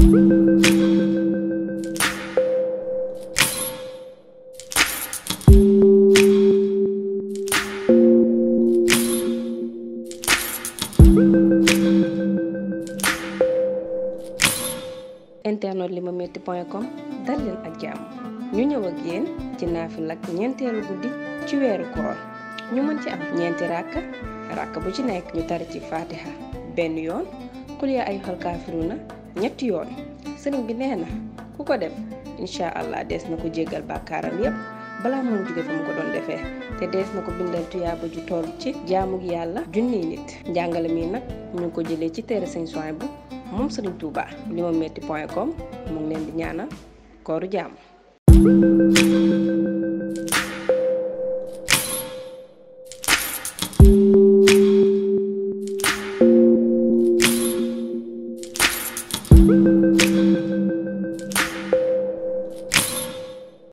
internet limametti point com dal leen ak jàmm ñu ñëw ak yéen ci naafila ak ñeenteelu guddi ci weeru koor ñu mën ci am ràkk ràkk bu ci nekk ñu tari ci faatiha benn yoon xul yaa ayyuhal kaafiruuna ñetti yoon sëriñ bi nee na ku ko def incha allah dees na ko jéggal bàkkaaram yépp bala moom jóge fa mu ko doon defee te des na ko bindal tuyaaba ju tool ci jaamug yàlla junniy nit jàngale mi nag ñu ko jëlee ci téere sëñ soin bu moom sëriñ Touba limametti point com mu ngi leen di ñaanal kooru jàmm Thank you.